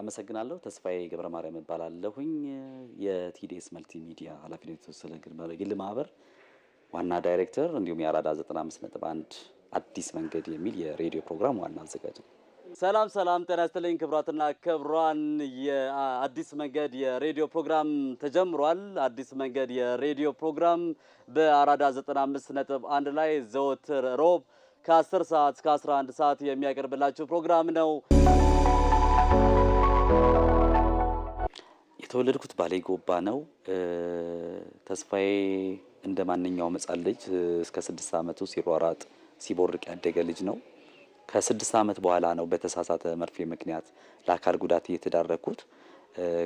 አመሰግናለሁ። ተስፋዬ ገብረ ማርያም እባላለሁኝ። የቲዲኤስ መልቲ ሚዲያ ኃላፊነት የተወሰነ ግል ማህበር ዋና ዳይሬክተር እንዲሁም የአራዳ 95.1 አዲስ መንገድ የሚል የሬዲዮ ፕሮግራም ዋና አዘጋጅ ነው። ሰላም ሰላም፣ ጤና ይስጥልኝ ክብራትና ክብሯን። የአዲስ መንገድ የሬዲዮ ፕሮግራም ተጀምሯል። አዲስ መንገድ የሬዲዮ ፕሮግራም በአራዳ 1 ላይ ዘወትር ሮብ ከ10 ሰዓት እስከ 11 ሰዓት የሚያቀርብላችሁ ፕሮግራም ነው። የተወለድኩት ባሌ ጎባ ነው። ተስፋዬ እንደ ማንኛውም ሕፃን ልጅ እስከ ስድስት ዓመቱ ሲሯራጥ ሲቦርቅ ያደገ ልጅ ነው። ከስድስት ዓመት በኋላ ነው በተሳሳተ መርፌ ምክንያት ለአካል ጉዳት እየተዳረኩት።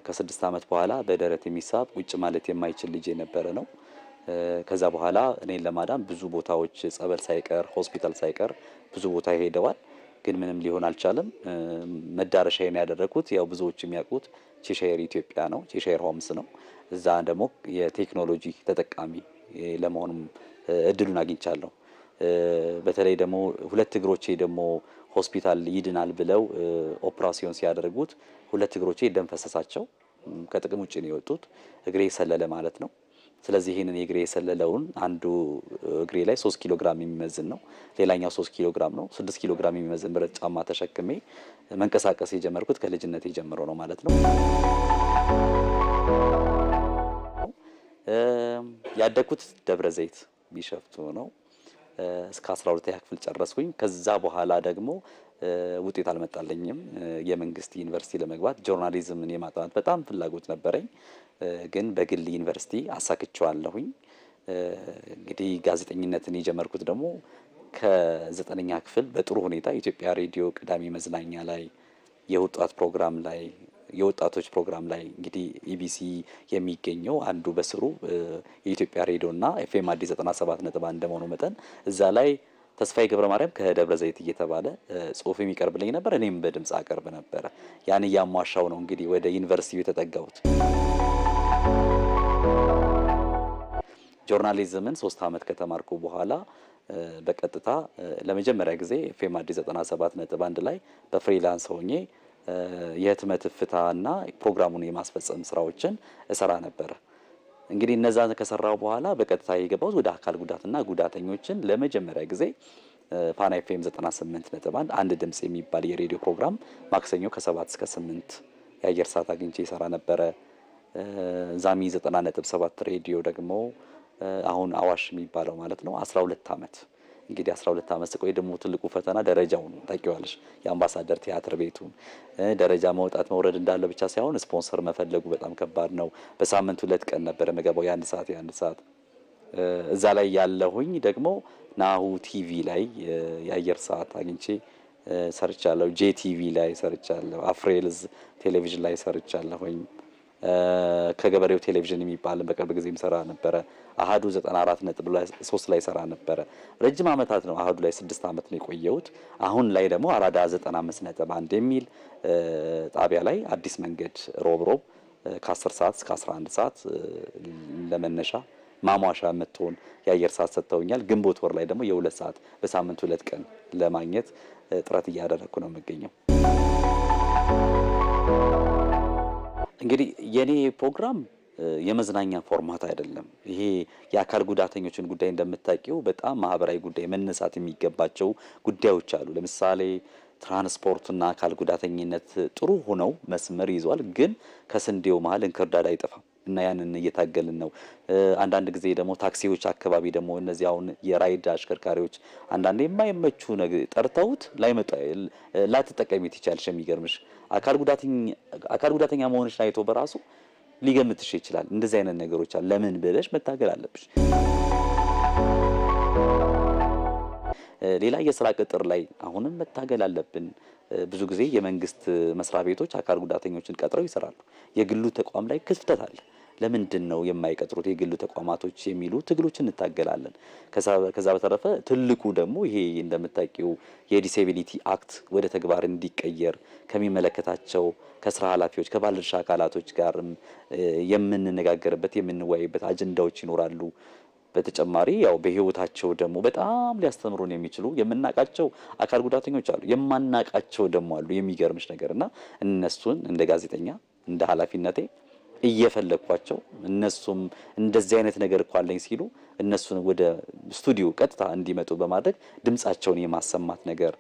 ከስድስት ዓመት በኋላ በደረት የሚሳብ ቁጭ ማለት የማይችል ልጅ የነበረ ነው። ከዛ በኋላ እኔን ለማዳን ብዙ ቦታዎች ጸበል ሳይቀር ሆስፒታል ሳይቀር ብዙ ቦታ ሄደዋል። ግን ምንም ሊሆን አልቻለም። መዳረሻ የሚያደረጉት ያው ብዙዎች የሚያውቁት ቼሻየር ኢትዮጵያ ነው፣ ቼሻየር ሆምስ ነው። እዛ ደግሞ የቴክኖሎጂ ተጠቃሚ ለመሆኑም እድሉን አግኝቻለሁ። በተለይ ደግሞ ሁለት እግሮቼ ደግሞ ሆስፒታል ይድናል ብለው ኦፕራሲዮን ሲያደርጉት ሁለት እግሮቼ ደም ፈሰሳቸው፣ ከጥቅም ውጭ ነው የወጡት። እግሬ ሰለለ ማለት ነው። ስለዚህ ይህንን የእግሬ የሰለለውን አንዱ እግሬ ላይ ሶስት ኪሎ ግራም የሚመዝን ነው፣ ሌላኛው ሶስት ኪሎ ግራም ነው። ስድስት ኪሎ ግራም የሚመዝን ብረት ጫማ ተሸክሜ መንቀሳቀስ የጀመርኩት ከልጅነት ጀምሮ ነው ማለት ነው። ያደግኩት ደብረ ዘይት ቢሸፍቱ ነው። እስከ 12ኛ ክፍል ጨረስኩኝ። ከዛ በኋላ ደግሞ ውጤት አልመጣለኝም። የመንግስት ዩኒቨርሲቲ ለመግባት ጆርናሊዝምን የማጥናት በጣም ፍላጎት ነበረኝ። ግን በግል ዩኒቨርሲቲ አሳክቸዋለሁኝ። እንግዲህ ጋዜጠኝነትን የጀመርኩት ደግሞ ከዘጠነኛ ክፍል በጥሩ ሁኔታ ኢትዮጵያ ሬዲዮ ቅዳሜ መዝናኛ ላይ የወጣት ፕሮግራም ላይ የወጣቶች ፕሮግራም ላይ እንግዲህ ኢቢሲ የሚገኘው አንዱ በስሩ የኢትዮጵያ ሬዲዮና ኤፍኤም አዲስ 97 ነጥብ አንድ እንደመሆኑ መጠን እዛ ላይ ተስፋዬ ገብረ ማርያም ከደብረ ዘይት እየተባለ ጽሁፍ የሚቀርብልኝ ነበር። እኔም በድምፅ አቀርብ ነበረ። ያን እያሟሻው ነው እንግዲህ ወደ ዩኒቨርሲቲው የተጠጋሁት። ጆርናሊዝምን ሶስት ዓመት ከተማርኩ በኋላ በቀጥታ ለመጀመሪያ ጊዜ ኤፍኤም አዲስ 97 ነጥብ አንድ ላይ በፍሪላንስ ሆኜ የህትመት ፍታና ፕሮግራሙን የማስፈጸም ስራዎችን እሰራ ነበረ። እንግዲህ እነዛ ከሰራው በኋላ በቀጥታ የገባሁት ወደ አካል ጉዳትና ጉዳተኞችን ለመጀመሪያ ጊዜ ፋና ኤፍኤም 98 ነጥብ አንድ አንድ ድምጽ የሚባል የሬዲዮ ፕሮግራም ማክሰኞ ከ7 እስከ 8 የአየር ሰዓት አግኝቼ ይሰራ ነበረ። ዛሚ 90 ነጥብ 7 ሬዲዮ ደግሞ አሁን አዋሽ የሚባለው ማለት ነው 12 ዓመት እንግዲህ 12 ዓመት ስቆይ ደግሞ ትልቁ ፈተና ደረጃውን ታውቂዋለሽ። የአምባሳደር ቲያትር ቤቱን ደረጃ መውጣት መውረድ እንዳለ ብቻ ሳይሆን ስፖንሰር መፈለጉ በጣም ከባድ ነው። በሳምንት ሁለት ቀን ነበረ መገባው የአንድ ሰዓት የአንድ ሰዓት እዛ ላይ ያለሁኝ ደግሞ ናሁ ቲቪ ላይ የአየር ሰዓት አግኝቼ ሰርቻለሁ። ጄቲቪ ላይ ሰርቻለሁ። አፍሬልዝ ቴሌቪዥን ላይ ሰርቻለሁኝ። ከገበሬው ቴሌቪዥን የሚባልን በቅርብ ጊዜ ሰራ ነበረ። አሀዱ 94.3 ላይ ሰራ ነበረ። ረጅም ዓመታት ነው አህዱ ላይ 6 ዓመት ነው የቆየሁት። አሁን ላይ ደግሞ አራዳ 1 የሚል ጣቢያ ላይ አዲስ መንገድ ሮብ ሮብ ከ10 ሰዓት እስከ 11 ሰዓት ለመነሻ ማሟሻ የምትሆን የአየር ሰዓት ሰጥተውኛል። ግንቦት ወር ላይ ደግሞ የሁለት ሰዓት በሳምንት ሁለት ቀን ለማግኘት ጥረት እያደረግኩ ነው የምገኘው። እንግዲህ የኔ ፕሮግራም የመዝናኛ ፎርማት አይደለም። ይሄ የአካል ጉዳተኞችን ጉዳይ እንደምታውቂው በጣም ማህበራዊ ጉዳይ መነሳት የሚገባቸው ጉዳዮች አሉ። ለምሳሌ ትራንስፖርትና አካል ጉዳተኝነት ጥሩ ሆነው መስመር ይዟል፣ ግን ከስንዴው መሀል እንክርዳድ አይጠፋም። እና ያንን እየታገልን ነው። አንዳንድ ጊዜ ደግሞ ታክሲዎች አካባቢ ደግሞ እነዚህ አሁን የራይድ አሽከርካሪዎች አንዳንድ የማይመቹ ጠርተውት ላይመጣ ላትጠቀሚ ትችያለሽ። የሚገርምሽ አካል ጉዳተኛ መሆንሽን አይቶ በራሱ ሊገምትሽ ይችላል። እንደዚህ አይነት ነገሮች አሉ። ለምን ብለሽ መታገል አለብሽ። ሌላ የስራ ቅጥር ላይ አሁንም መታገል አለብን። ብዙ ጊዜ የመንግስት መስሪያ ቤቶች አካል ጉዳተኞችን ቀጥረው ይሰራሉ። የግሉ ተቋም ላይ ክፍተት አለ። ለምንድን ነው የማይቀጥሩት የግሉ ተቋማቶች የሚሉ ትግሎች እንታገላለን። ከዛ በተረፈ ትልቁ ደግሞ ይሄ እንደምታውቂው የዲሴቢሊቲ አክት ወደ ተግባር እንዲቀየር ከሚመለከታቸው ከስራ ኃላፊዎች ከባለድርሻ አካላቶች ጋርም የምንነጋገርበት የምንወያይበት አጀንዳዎች ይኖራሉ። በተጨማሪ ያው በህይወታቸው ደግሞ በጣም ሊያስተምሩን የሚችሉ የምናቃቸው አካል ጉዳተኞች አሉ፣ የማናቃቸው ደግሞ አሉ። የሚገርምሽ ነገር እና እነሱን እንደ ጋዜጠኛ እንደ ኃላፊነቴ እየፈለግኳቸው እነሱም እንደዚህ አይነት ነገር እኮ አለኝ ሲሉ እነሱን ወደ ስቱዲዮ ቀጥታ እንዲመጡ በማድረግ ድምፃቸውን የማሰማት ነገር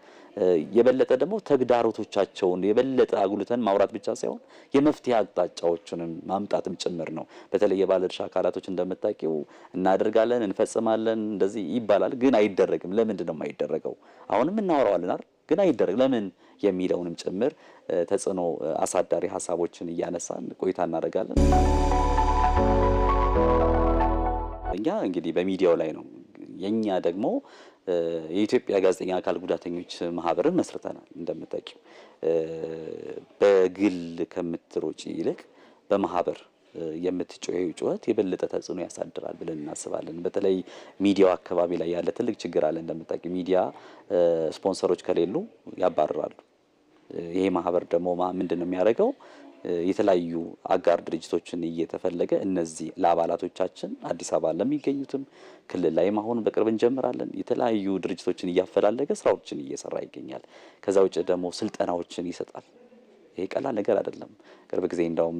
የበለጠ ደግሞ ተግዳሮቶቻቸውን የበለጠ አጉልተን ማውራት ብቻ ሳይሆን የመፍትሄ አቅጣጫዎችንም ማምጣትም ጭምር ነው። በተለይ የባለድርሻ አካላቶች እንደምታውቂው እናደርጋለን፣ እንፈጽማለን እንደዚህ ይባላል፣ ግን አይደረግም። ለምንድን ነው የማይደረገው? አሁንም እናወራዋለን አይደል ግን አይደረግ ለምን የሚለውንም ጭምር ተጽዕኖ አሳዳሪ ሀሳቦችን እያነሳን ቆይታ እናደርጋለን። እኛ እንግዲህ በሚዲያው ላይ ነው የኛ ደግሞ የኢትዮጵያ ጋዜጠኛ አካል ጉዳተኞች ማህበርን መስርተናል። እንደምታውቂው በግል ከምትሮጪ ይልቅ በማህበር የምትጮሄው ጩኸት የበለጠ ተጽዕኖ ያሳድራል ብለን እናስባለን። በተለይ ሚዲያው አካባቢ ላይ ያለ ትልቅ ችግር አለ። እንደምታውቂ ሚዲያ ስፖንሰሮች ከሌሉ ያባርራሉ። ይሄ ማህበር ደግሞ ምንድን ነው የሚያደርገው? የተለያዩ አጋር ድርጅቶችን እየተፈለገ እነዚህ ለአባላቶቻችን አዲስ አበባ ለሚገኙትም ክልል ላይ አሁን በቅርብ እንጀምራለን። የተለያዩ ድርጅቶችን እያፈላለገ ስራዎችን እየሰራ ይገኛል። ከዛ ውጭ ደግሞ ስልጠናዎችን ይሰጣል። ይሄ ቀላል ነገር አይደለም። ቅርብ ጊዜ እንዳውም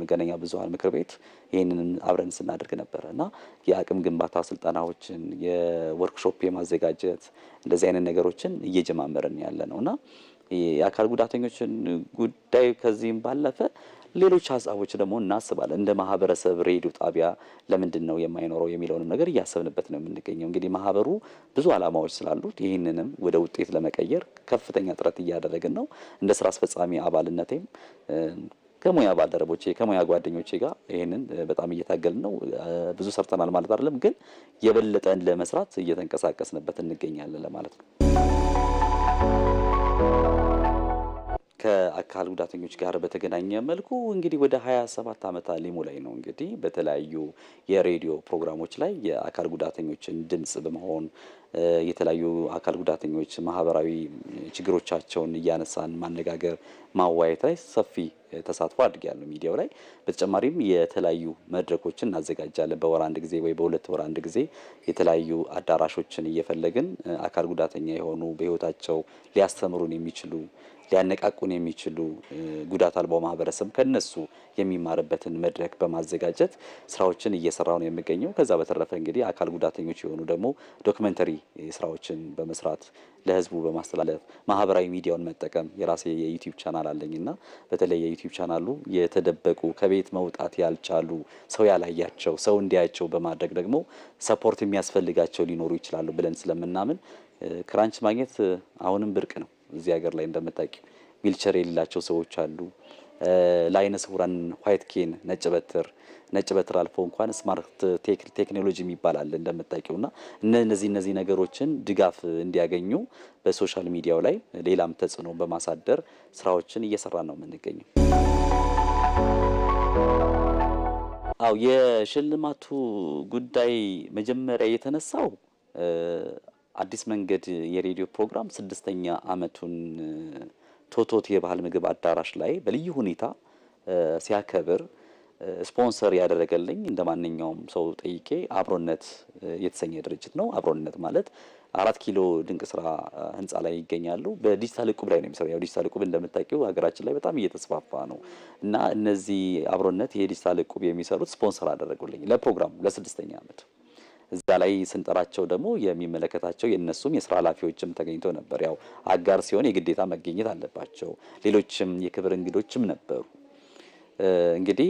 መገናኛ ብዙኃን ምክር ቤት ይህንን አብረን ስናደርግ ነበረ እና የአቅም ግንባታ ስልጠናዎችን የወርክሾፕ የማዘጋጀት እንደዚህ አይነት ነገሮችን እየጀማመርን ያለ ነው እና የአካል ጉዳተኞችን ጉዳይ ከዚህም ባለፈ ሌሎች ሀሳቦች ደግሞ እናስባለን። እንደ ማህበረሰብ ሬዲዮ ጣቢያ ለምንድን ነው የማይኖረው የሚለውንም ነገር እያሰብንበት ነው የምንገኘው። እንግዲህ ማህበሩ ብዙ አላማዎች ስላሉት ይህንንም ወደ ውጤት ለመቀየር ከፍተኛ ጥረት እያደረግን ነው። እንደ ስራ አስፈጻሚ አባልነቴም ከሙያ ባልደረቦቼ ከሙያ ጓደኞቼ ጋር ይህንን በጣም እየታገል ነው። ብዙ ሰርተናል ማለት አይደለም፣ ግን የበለጠን ለመስራት እየተንቀሳቀስንበት እንገኛለን ለማለት ነው። ከአካል ጉዳተኞች ጋር በተገናኘ መልኩ እንግዲህ ወደ 27 ዓመት ላይ ነው። እንግዲህ በተለያዩ የሬዲዮ ፕሮግራሞች ላይ የአካል ጉዳተኞችን ድምፅ በመሆን የተለያዩ አካል ጉዳተኞች ማህበራዊ ችግሮቻቸውን እያነሳን ማነጋገር፣ ማዋየት ላይ ሰፊ ተሳትፎ አድርጊያለሁ ሚዲያው ላይ። በተጨማሪም የተለያዩ መድረኮችን እናዘጋጃለን። በወር አንድ ጊዜ ወይ በሁለት ወር አንድ ጊዜ የተለያዩ አዳራሾችን እየፈለግን አካል ጉዳተኛ የሆኑ በህይወታቸው ሊያስተምሩን የሚችሉ ሊያነቃቁን የሚችሉ ጉዳት አልባው ማህበረሰብ ከነሱ የሚማርበትን መድረክ በማዘጋጀት ስራዎችን እየሰራ ነው የሚገኘው። ከዛ በተረፈ እንግዲህ አካል ጉዳተኞች የሆኑ ደግሞ ዶክመንተሪ ስራዎችን በመስራት ለህዝቡ በማስተላለፍ ማህበራዊ ሚዲያውን መጠቀም የራሴ የዩቲዩብ ቻናል አለኝ እና በተለይ የዩቲዩብ ቻናሉ የተደበቁ ከቤት መውጣት ያልቻሉ ሰው ያላያቸው ሰው እንዲያያቸው በማድረግ ደግሞ ሰፖርት የሚያስፈልጋቸው ሊኖሩ ይችላሉ ብለን ስለምናምን ክራንች ማግኘት አሁንም ብርቅ ነው። እዚህ ሀገር ላይ እንደምታውቂው ዊልቸር የሌላቸው ሰዎች አሉ። ለአይነ ስውራን ኋይት ኬን ነጭ በትር ነጭ በትር አልፎ እንኳን ስማርት ቴክኖሎጂ የሚባል አለ እንደምታውቂው እነዚህ እነዚህ ነገሮችን ድጋፍ እንዲያገኙ በሶሻል ሚዲያው ላይ ሌላም ተጽዕኖ በማሳደር ስራዎችን እየሰራ ነው የምንገኘው። አው የሽልማቱ ጉዳይ መጀመሪያ የተነሳው አዲስ መንገድ የሬዲዮ ፕሮግራም ስድስተኛ አመቱን ። ቶቶት የባህል ምግብ አዳራሽ ላይ በልዩ ሁኔታ ሲያከብር ስፖንሰር ያደረገልኝ እንደ ማንኛውም ሰው ጠይቄ አብሮነት የተሰኘ ድርጅት ነው። አብሮነት ማለት አራት ኪሎ ድንቅ ስራ ህንፃ ላይ ይገኛሉ። በዲጂታል እቁብ ላይ ነው የሚሰራ። ያው ዲጂታል እቁብ እንደምታውቂው ሀገራችን ላይ በጣም እየተስፋፋ ነው እና እነዚህ አብሮነት የዲጂታል እቁብ የሚሰሩት ስፖንሰር አደረጉልኝ ለፕሮግራሙ ለስድስተኛ ዓመት እዛ ላይ ስንጠራቸው ደግሞ የሚመለከታቸው የእነሱም የስራ ኃላፊዎችም ተገኝቶ ነበር። ያው አጋር ሲሆን የግዴታ መገኘት አለባቸው። ሌሎችም የክብር እንግዶችም ነበሩ። እንግዲህ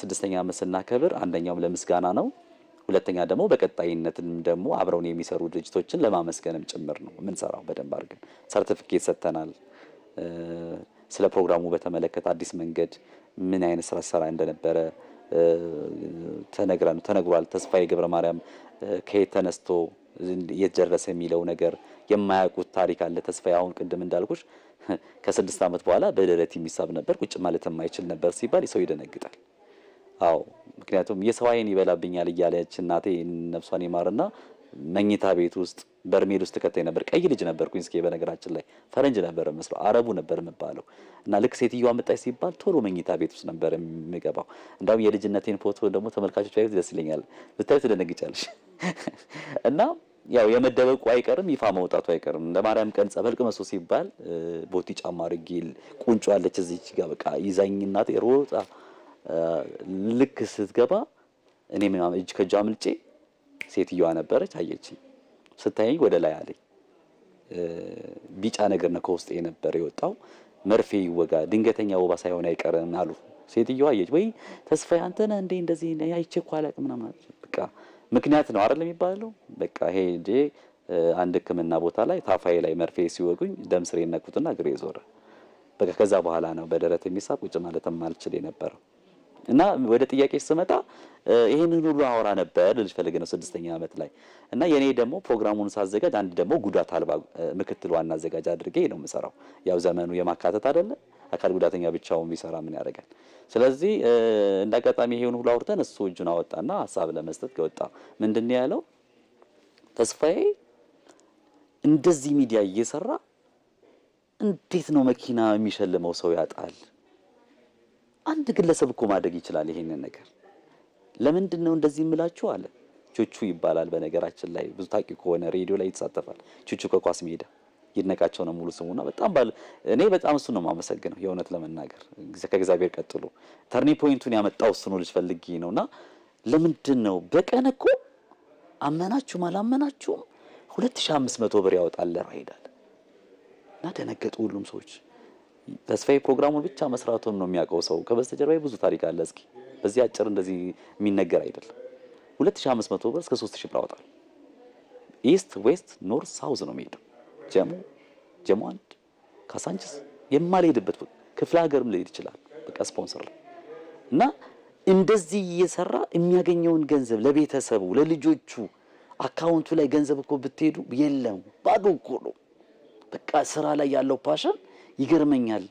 ስድስተኛ ዓመት ስናከብር አንደኛውም ለምስጋና ነው። ሁለተኛ ደግሞ በቀጣይነትም ደግሞ አብረውን የሚሰሩ ድርጅቶችን ለማመስገንም ጭምር ነው የምንሰራው። በደንብ አድርገን ሰርቲፊኬት ሰጥተናል። ስለ ፕሮግራሙ በተመለከተ አዲስ መንገድ ምን አይነት ስራ ሰራ እንደነበረ ተነግሯል። ተስፋዬ ገብረ ማርያም ከየት ተነስቶ የት ደረሰ የሚለው ነገር የማያውቁት ታሪክ አለ። ተስፋዬ አሁን ቅድም እንዳልኩሽ ከስድስት ዓመት በኋላ በደረት የሚሳብ ነበር፣ ቁጭ ማለት የማይችል ነበር ሲባል ሰው ይደነግጣል። አዎ ምክንያቱም የሰው አይን ይበላብኛል እያለች እናቴ ነፍሷን ይማርና መኝታ ቤት ውስጥ በርሜል ውስጥ ከተኝ ነበር። ቀይ ልጅ ነበርኩኝ። እስኪ በነገራችን ላይ ፈረንጅ ነበር መስለው አረቡ ነበር የምባለው እና ልክ ሴትዮዋ መጣች ሲባል ቶሎ መኝታ ቤት ውስጥ ነበር የሚገባው። እንዳውም የልጅነቴን ፎቶ ደግሞ ተመልካቾች ያዩት ደስ ይለኛል። ብታዩ ትደነግጫለሽ። እና ያው የመደበቁ አይቀርም ይፋ መውጣቱ አይቀርም። ለማርያም ቀን ጸበልቅ ቅመሱ ሲባል ቦቲ ጫማ አድርጌ ቁንጮ አለች እዚች ጋር በቃ ይዛኝ እናቴ ሮጣ ልክ ስትገባ እኔ ምናምን እጅ ከእጇ አምልጬ ሴትዮዋ ነበረች። አየች ስታየኝ ወደ ላይ አለኝ። ቢጫ ነገር ነው ከውስጥ የነበረ የወጣው። መርፌ ይወጋ ድንገተኛ ወባ ሳይሆን አይቀርም አሉ። ሴትዮዋ አየች። ወይ ተስፋዬ አንተ ነህ እንዴ እንደዚህ አይቼ እኮ አላውቅም ምናምን በቃ ምክንያት ነው አይደል የሚባለው። በቃ ሄጄ አንድ ሕክምና ቦታ ላይ ታፋዬ ላይ መርፌ ሲወጉኝ ደም ስሬ ነኩትና እግሬ ዞረ። በቃ ከዛ በኋላ ነው በደረት የሚሳብ ቁጭ ማለትም አልችል የነበረው። እና ወደ ጥያቄ ስመጣ ይህንን ሁሉ አወራ ነበር ልጅ ፈልጌ ነው ስድስተኛ ዓመት ላይ እና የኔ ደግሞ ፕሮግራሙን ሳዘጋጅ አንድ ደግሞ ጉዳት አልባ ምክትል ዋና አዘጋጅ አድርጌ ነው የምሰራው። ያው ዘመኑ የማካተት አይደለ አካል ጉዳተኛ ብቻውን ቢሰራ ምን ያደርጋል? ስለዚህ እንደ አጋጣሚ ይሄን ሁሉ አውርተን እሱ እጁን አወጣና ሀሳብ ለመስጠት ወጣ። ምንድን ያለው ተስፋዬ እንደዚህ ሚዲያ እየሰራ እንዴት ነው መኪና የሚሸልመው ሰው ያጣል አንድ ግለሰብ እኮ ማድረግ ይችላል ይሄንን ነገር። ለምንድን ነው እንደዚህ የምላችሁ አለ። ቹቹ ይባላል በነገራችን ላይ ብዙ ታቂ ከሆነ ሬዲዮ ላይ ይሳተፋል። ቹቹ ከኳስ ሜዳ ይነቃቸው ነው ሙሉ ስሙና፣ በጣም ባል እኔ በጣም እሱ ነው የማመሰግነው የእውነት ለመናገር ከእግዚአብሔር ቀጥሎ ተርኒ ፖይንቱን ያመጣው እሱ ነው ልጅ ፈልጌ ነውና፣ ለምንድን ነው በቀን እኮ አመናችሁም አላመናችሁም 2500 ብር ያወጣል ለራይዳል እና ደነገጡ ሁሉም ሰዎች። ተስፋዬ ፕሮግራሙን ብቻ መስራቱን ነው የሚያውቀው ሰው። ከበስተጀርባ ብዙ ታሪክ አለ። እስኪ በዚህ አጭር እንደዚህ የሚነገር አይደለም። 2500 ብር እስከ 3000 ብር አወጣል። ኢስት ዌስት ኖርት ሳውዝ ነው የሚሄደው። ጀሞ ጀሞ አንድ ካሳንችስ የማልሄድበት ክፍለ ሀገርም ሊሄድ ይችላል። በቃ ስፖንሰር ነው እና እንደዚህ እየሰራ የሚያገኘውን ገንዘብ ለቤተሰቡ ለልጆቹ አካውንቱ ላይ ገንዘብ እኮ ብትሄዱ የለም ባዶ እኮ ነው። በቃ ስራ ላይ ያለው ፓሽን ይገርመኛል።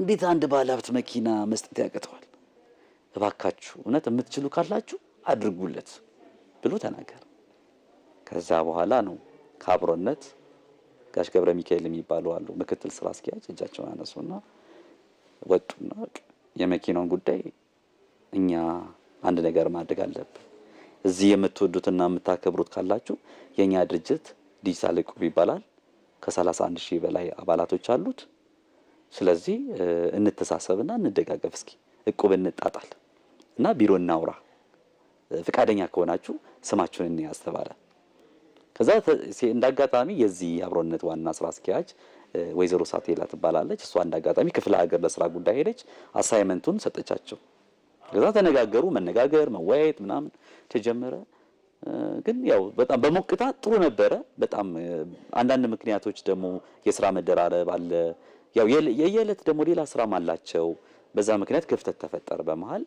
እንዴት አንድ ባለሀብት መኪና መስጠት ያቅተዋል? እባካችሁ እውነት የምትችሉ ካላችሁ አድርጉለት ብሎ ተናገር። ከዛ በኋላ ነው ከአብሮነት ጋሽ ገብረ ሚካኤል የሚባሉ አሉ ምክትል ስራ አስኪያጅ እጃቸውን አነሱና ወጡና የመኪናውን ጉዳይ እኛ አንድ ነገር ማድረግ አለብን። እዚህ የምትወዱትና የምታከብሩት ካላችሁ የእኛ ድርጅት ዲጂታል እቁብ ይባላል። ከ31 ሺህ በላይ አባላቶች አሉት። ስለዚህ እንተሳሰብና እንደጋገፍ፣ እስኪ እቁብ እንጣጣል እና ቢሮ እናውራ፣ ፍቃደኛ ከሆናችሁ ስማችሁን እንያዝ ተባለ። ከዛ እንዳጋጣሚ የዚህ አብሮነት ዋና ስራ አስኪያጅ ወይዘሮ ሳቴላ ትባላለች። እሷ እንዳጋጣሚ ክፍለ ሀገር ለስራ ጉዳይ ሄደች። አሳይመንቱን ሰጠቻቸው። ከዛ ተነጋገሩ። መነጋገር መወያየት ምናምን ተጀመረ። ግን ያው በጣም በሞቅታ ጥሩ ነበረ። በጣም አንዳንድ ምክንያቶች ደግሞ የስራ መደራረብ አለ ያው የየዕለት ደግሞ ሌላ ስራም አላቸው። በዛ ምክንያት ክፍተት ተፈጠረ፣ በመሃል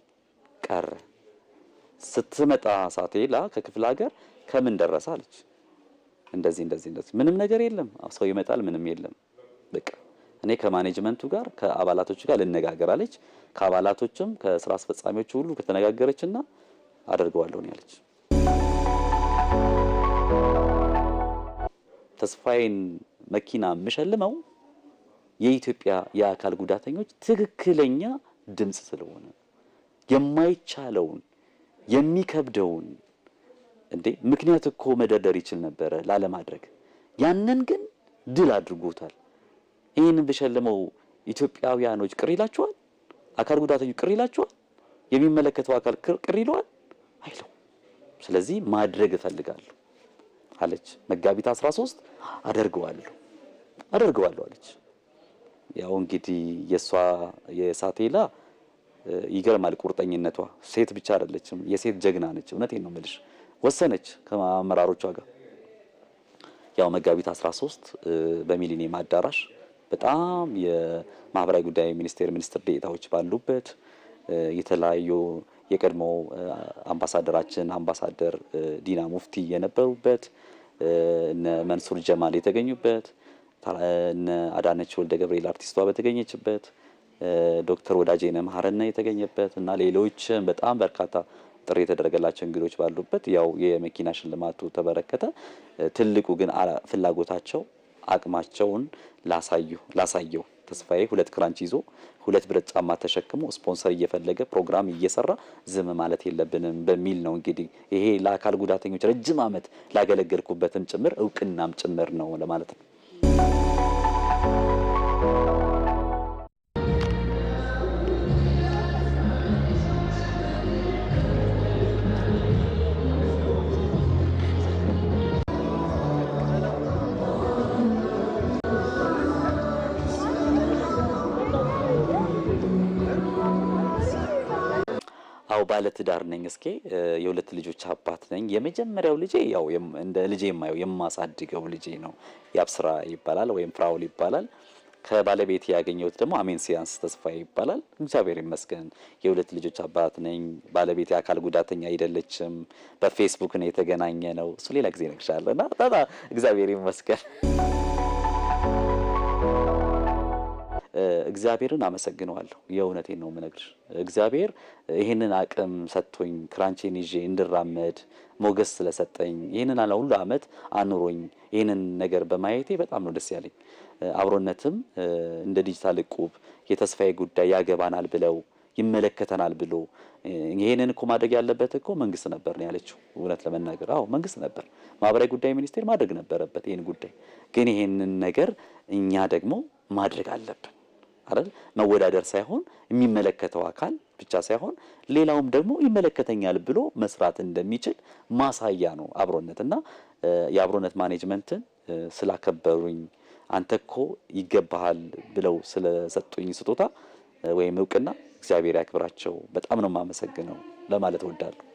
ቀረ። ስትመጣ ሳቴላ ከክፍለ ሀገር ከምን ደረሰ አለች። እንደዚህ እንደዚህ እንደዚህ ምንም ነገር የለም፣ ሰው ይመጣል፣ ምንም የለም። በቃ እኔ ከማኔጅመንቱ ጋር ከአባላቶቹ ጋር ልነጋገር አለች። ከአባላቶቹም ከስራ አስፈጻሚዎቹ ሁሉ ከተነጋገረችና አደርገዋለሁ ነው ያለች። ተስፋዬን መኪና የምሸልመው የኢትዮጵያ የአካል ጉዳተኞች ትክክለኛ ድምፅ ስለሆነ የማይቻለውን የሚከብደውን እንዴ ምክንያት እኮ መደርደር ይችል ነበረ ላለማድረግ ያንን ግን ድል አድርጎታል። ይህንን ብሸልመው ኢትዮጵያውያኖች ቅር ይላቸዋል? አካል ጉዳተኞች ቅር ይላቸዋል? የሚመለከተው አካል ቅር ይለዋል አይለው። ስለዚህ ማድረግ እፈልጋለሁ አለች። መጋቢት 13 አደርገዋለሁ አደርገዋለሁ አለች። ያው እንግዲህ የእሷ የሳቴላ ይገርማል ቁርጠኝነቷ። ሴት ብቻ አይደለችም፣ የሴት ጀግና ነች። እውነቴን ነው የምልሽ። ወሰነች ከአመራሮቿ ጋር ያው መጋቢት 13 በሚሊኒየም አዳራሽ በጣም የማህበራዊ ጉዳይ ሚኒስቴር ሚኒስትር ዴኤታዎች ባሉበት የተለያዩ የቀድሞ አምባሳደራችን አምባሳደር ዲና ሙፍቲ የነበሩበት እነ መንሱር ጀማል የተገኙበት አዳነች ወልደ ገብርኤል አርቲስቷ በተገኘችበት ዶክተር ወዳጄነ መሐረና የተገኘበት እና ሌሎችም በጣም በርካታ ጥሪ የተደረገላቸው እንግዶች ባሉበት ያው የመኪና ሽልማቱ ተበረከተ። ትልቁ ግን ፍላጎታቸው አቅማቸውን ላሳየው ተስፋዬ ሁለት ክራንች ይዞ ሁለት ብረት ጫማ ተሸክሞ ስፖንሰር እየፈለገ ፕሮግራም እየሰራ ዝም ማለት የለብንም በሚል ነው እንግዲህ ይሄ ለአካል ጉዳተኞች ረጅም ዓመት ላገለገልኩበትም ጭምር እውቅናም ጭምር ነው ለማለት ነው። ያው ባለትዳር ነኝ። እስኪ የሁለት ልጆች አባት ነኝ። የመጀመሪያው ልጄ ያው እንደ ልጄ የማየው የማሳድገው ልጄ ነው። ያብስራ ይባላል ወይም ፍራውል ይባላል። ከባለቤት ያገኘሁት ደግሞ አሜን ሲያንስ ተስፋ ይባላል። እግዚአብሔር ይመስገን የሁለት ልጆች አባት ነኝ። ባለቤት የአካል ጉዳተኛ አይደለችም። በፌስቡክ ነው የተገናኘ ነው። እሱ ሌላ ጊዜ ነግሻለሁ እና እግዚአብሔር ይመስገን እግዚአብሔርን አመሰግነዋለሁ። የእውነቴን ነው የምነግርሽ። እግዚአብሔር ይህንን አቅም ሰጥቶኝ ክራንቼን ይዤ እንድራመድ ሞገስ ስለሰጠኝ ይህንን አለ ሁሉ አመት አኑሮኝ ይህንን ነገር በማየቴ በጣም ነው ደስ ያለኝ። አብሮነትም እንደ ዲጂታል እቁብ የተስፋዬ ጉዳይ ያገባናል ብለው ይመለከተናል ብሎ ይህንን እኮ ማድረግ ያለበት እኮ መንግስት ነበር ነው ያለችው። እውነት ለመናገር አዎ መንግስት ነበር፣ ማህበራዊ ጉዳይ ሚኒስቴር ማድረግ ነበረበት ይህን ጉዳይ። ግን ይህንን ነገር እኛ ደግሞ ማድረግ አለብን። አይደል መወዳደር ሳይሆን የሚመለከተው አካል ብቻ ሳይሆን ሌላውም ደግሞ ይመለከተኛል ብሎ መስራት እንደሚችል ማሳያ ነው አብሮነት እና የአብሮነት ማኔጅመንትን ስላከበሩኝ አንተ እኮ ይገባሃል ብለው ስለሰጡኝ ስጦታ ወይም እውቅና እግዚአብሔር ያክብራቸው በጣም ነው የማመሰግነው ለማለት እወዳለሁ።